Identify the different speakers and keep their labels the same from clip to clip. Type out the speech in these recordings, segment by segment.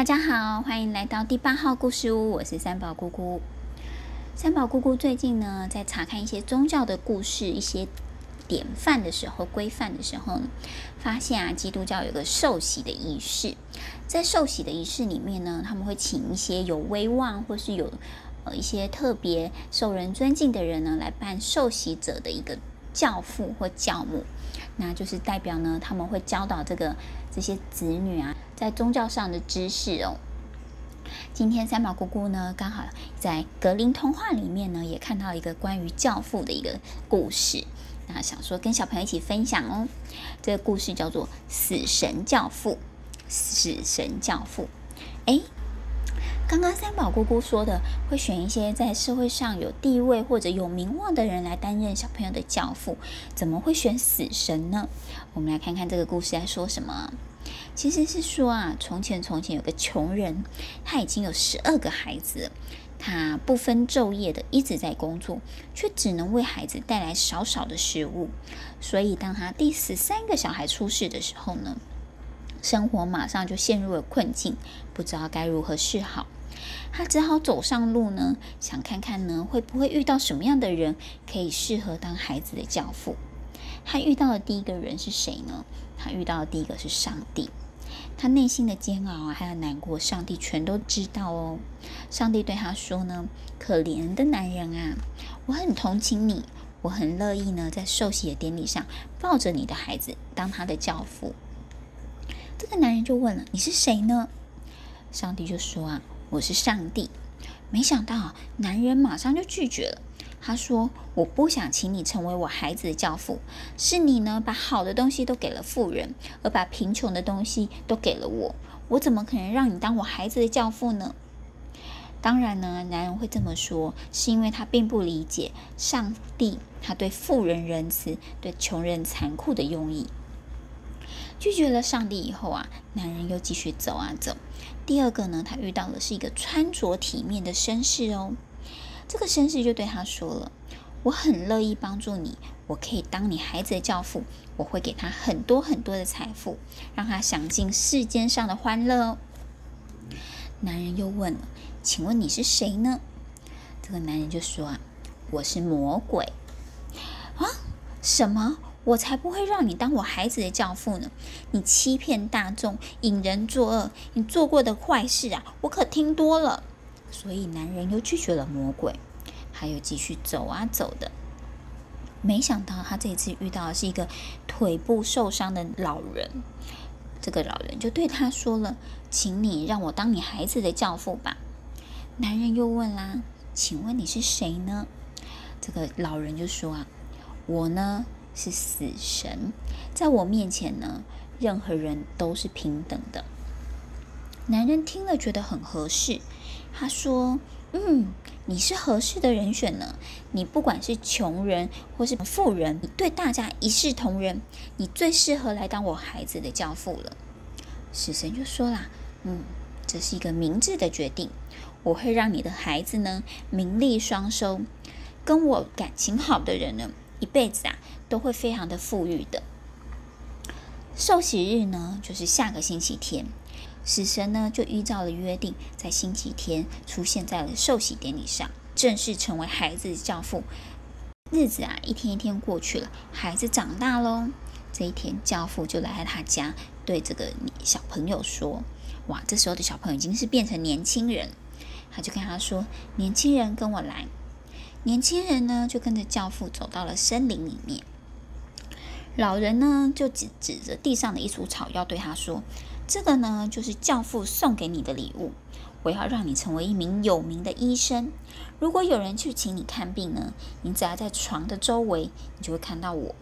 Speaker 1: 大家好，歡迎來到第八號故事屋。我是三寶姑姑。三寶姑姑最近呢，在查看一些宗教的故事、一些典範的時候、規範的時候，發現啊，基督教有個受洗的儀式。在受洗的儀式裡面呢，他們會請一些有威望或是有呃一些特別受人尊敬的人呢，來扮受洗者的一個教父或教母。那就是代表呢，他們會教導這個這些子女啊。在宗教上的知識哦，今天三寶姑姑呢，剛好在格林童話裡面呢也看到一個關於教父的一個故事，那想說跟小朋友一起分享哦。這個故事叫做《死神教父》。死神教父，誒，剛剛三寶姑姑說的會選一些在社會上有地位或者有名望的人來擔任小朋友的教父，怎麼會選死神呢？我們來看看這個故事在說什麼。其實是說啊，從前從前有個窮人，他已經有十二個孩子，他不分晝夜的一直在工作，卻只能為孩子帶來少少的食物。所以，當他第十三個小孩出世的時候呢，生活馬上就陷入了困境，不知道該如何是好。他只好走上路呢，想看看呢，會不會遇到什麼樣的人可以適合當孩子的教父。他遇到的第一個人是誰呢？他遇到的第一個是上帝，他內心的煎熬啊，還有難過，上帝全都知道哦。上帝對他說呢：“可憐的男人啊，我很同情你，我很樂意呢，在受洗的典禮上抱着你的孩子，當他的教父。”這個男人就問了：“你是誰呢？”上帝就說：“啊，我是上帝。”沒想到啊，男人馬上就拒絕了。他說：“我不想請你成為我孩子的教父，是你呢，把好的東西都給了富人，而把貧窮的東西都給了我，我怎麼可能讓你當我孩子的教父呢？”當然呢，男人會這麼說，是因為他並不理解上帝，他對富人仁慈、對窮人殘酷的用意。拒絕了上帝以後啊，男人又繼續走啊走。第二個呢，他遇到的是一個穿着體面的紳士哦。這個紳士就對他說了：“我很樂意幫助你，我可以當你孩子的教父，我會給他很多很多的財富，讓他享盡世間上的歡樂，哦。”男人又問了：“請問你是誰呢？”這個男人就說：“啊，我是魔鬼啊！什麼？我才不會讓你當我孩子的教父呢！你欺騙大眾，引人作惡，你做過的壞事啊，我可聽多了。”所以男人又拒絕了魔鬼，還有繼續走啊走的。沒想到他這一次遇到的是一個腿部受傷的老人，這個老人就對他說了：“請你讓我當你孩子的教父吧。”男人又問啦：“請問你是誰呢？”這個老人就說啊：“我呢，是死神，在我面前呢，任何人都是平等的。”男人聽了覺得很合適，他說：“嗯，你是合適的人選呢。你不管是窮人或是富人，你對大家一視同仁，你最適合來當我孩子的教父了。”死神就說啦：“嗯，這是一個明智的決定。我會讓你的孩子呢，名利雙收。跟我感情好的人呢，一輩子啊，都會非常的富裕的。受洗日呢，就是下個星期天。”死神呢，就依照了約定，在星期天出現在了受洗典禮上，正式成為孩子的教父。日子啊，一天一天過去了，孩子長大嘍。這一天，教父就來到他家，對這個小朋友說：“哇，這時候的小朋友已經是變成年輕人。”他就跟他說：“年輕人，跟我來。”年輕人呢，就跟着教父走到了森林裡面。老人呢，就指指着地上的一束草藥對他說。這個呢，就是教父送給你的禮物。我要讓你成為一名有名的醫生。如果有人去請你看病呢，你只要在床的周圍，你就會看到我。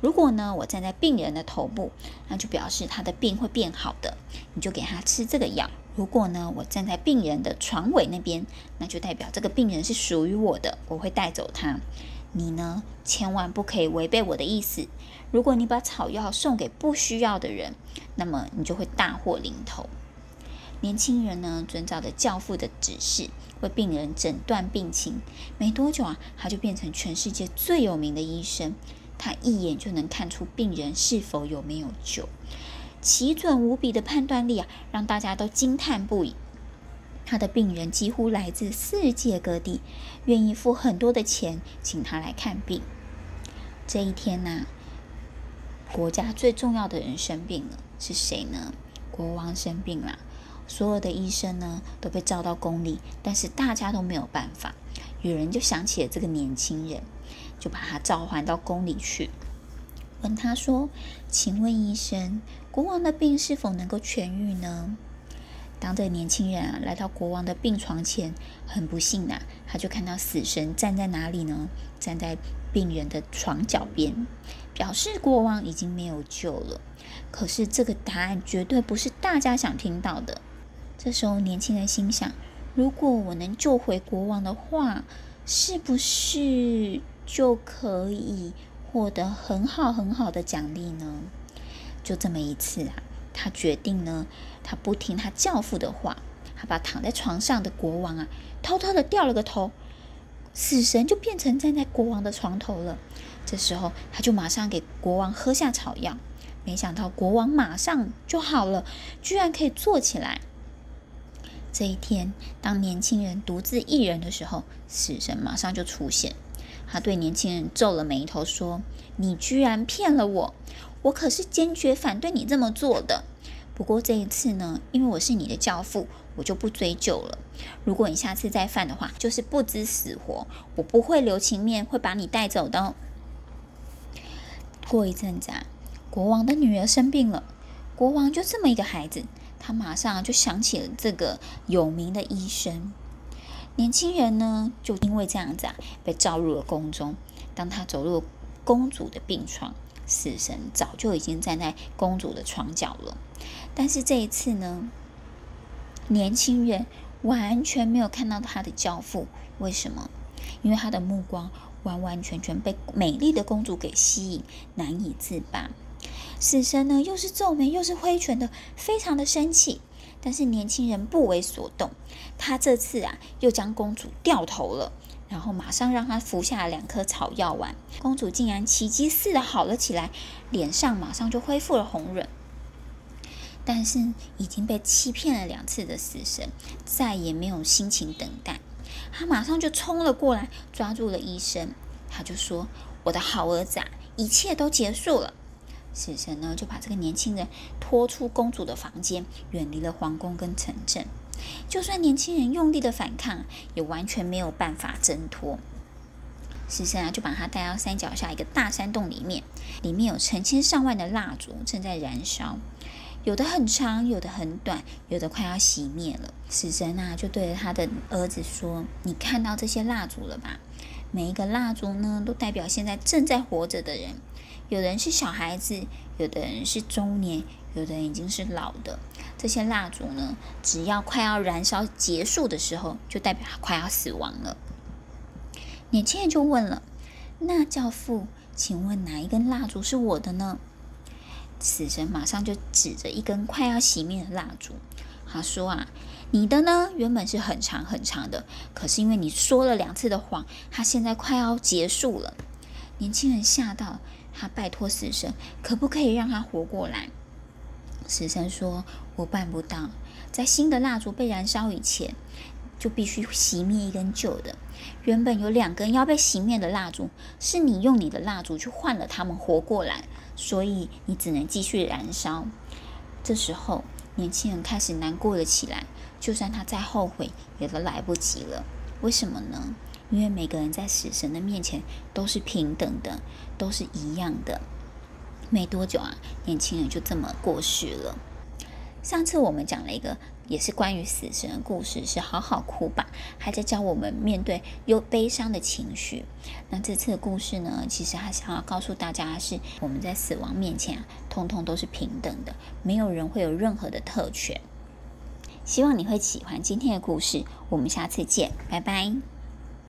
Speaker 1: 如果呢，我站在病人的頭部，那就表示他的病會變好的，你就給他吃這個藥。如果呢，我站在病人的床尾那邊，那就代表這個病人是屬於我的，我會帶走他。你呢，千萬不可以違背我的意思。如果你把草藥送給不需要的人，那麼你就會大禍臨頭。年輕人呢，遵照了教父的指示，為病人診斷病情。沒多久啊，他就變成全世界最有名的醫生。他一眼就能看出病人是否有沒有救，奇準無比的判斷力啊，讓大家都驚嘆不已。他的病人幾乎來自世界各地，願意付很多的錢請他來看病。這一天呢，國家最重要的人生病了。是誰呢？國王生病了，所有的醫生呢都被召到宮裡，但是大家都沒有辦法。有人就想起了這個年輕人，就把他召喚到宮裡去，問他說：“請問醫生，國王的病是否能夠痊癒呢？”當這個年輕人啊來到國王的病床前，很不幸啊，他就看到死神站在哪裡呢？站在病人的床腳邊。表示國王已經沒有救了，可是這個答案絕對不是大家想聽到的。這時候年輕人心想：如果我能救回國王的話，是不是就可以獲得很好很好的獎勵呢？就這麼一次啊，他決定呢，他不聽他教父的話，他把躺在床上的國王啊，偷偷地掉了個頭，死神就變成站在國王的床頭了。這時候，他就馬上給國王喝下草藥，沒想到國王馬上就好了，居然可以坐起來。這一天，當年輕人獨自一人的時候，死神馬上就出現，他對年輕人皺了眉頭說：“你居然騙了我，我可是堅決反對你這麼做的。不過這一次呢，因為我是你的教父，我就不追究了。如果你下次再犯的話，就是不知死活，我不會留情面，會把你帶走的哦。”過一陣子啊，國王的女兒生病了，國王就這麼一個孩子，他馬上就想起了這個有名的醫生。年輕人呢，就因為這樣子啊，被召入了宮中。當他走入公主的病床，死神早就已經站在公主的床角了。但是這一次呢，年輕人完全沒有看到他的教父，為什麼？因為他的目光。完完全全被美麗的公主給吸引，難以自拔。死神呢，又是皺眉又是揮拳的，非常的生氣。但是年輕人不為所動，他這次啊，又將公主掉頭了，然後馬上讓她服下了兩顆草藥丸。公主竟然奇蹟似的好了起來，臉上馬上就恢復了紅潤。但是已經被欺騙了兩次的死神，再也沒有心情等待。他馬上就衝了過來，抓住了醫生。他就說：“我的好兒子啊，一切都結束了。”死神呢，就把這個年輕人拖出公主的房間，遠離了皇宮跟城鎮。就算年輕人用力的反抗，也完全沒有辦法掙脫。死神啊，就把他帶到山腳下一個大山洞裡面，裡面有成千上萬的蠟燭正在燃燒。有的很長，有的很短，有的快要熄滅了。死神吶，就對着他的兒子說：“你看到這些蠟燭了吧？每一個蠟燭呢，都代表現在正在活着的人。有的人是小孩子，有的人是中年，有的人已經是老的。這些蠟燭呢，只要快要燃燒結束的時候，就代表他快要死亡了。”年輕人就問了：“那教父，請問哪一根蠟燭是我的呢？”死神馬上就指着一根快要熄滅的蠟燭，他說：“啊，你的呢？原本是很長很長的，可是因為你說了兩次的謊，它現在快要結束了。”年輕人嚇到，他拜托死神，可不可以讓他活過來？死神說：“我辦不到，在新的蠟燭被燃燒以前，就必須熄滅一根舊的。原本有兩根要被熄滅的蠟燭，是你用你的蠟燭去換了它們活過來。”所以你只能繼續燃燒。這時候，年輕人開始難過了起來。就算他再後悔，也都來不及了。為什麼呢？因為每個人在死神的面前都是平等的，都是一樣的。沒多久啊，年輕人就這麼過世了。上次我們講了一個。也是關於死神的故事，是好好哭吧，還在教我們面對憂悲傷的情緒。那這次的故事呢，其實還想要告訴大家是我們在死亡面前啊，通通都是平等的，沒有人會有任何的特權。希望你會喜歡今天的故事，我們下次見，拜拜。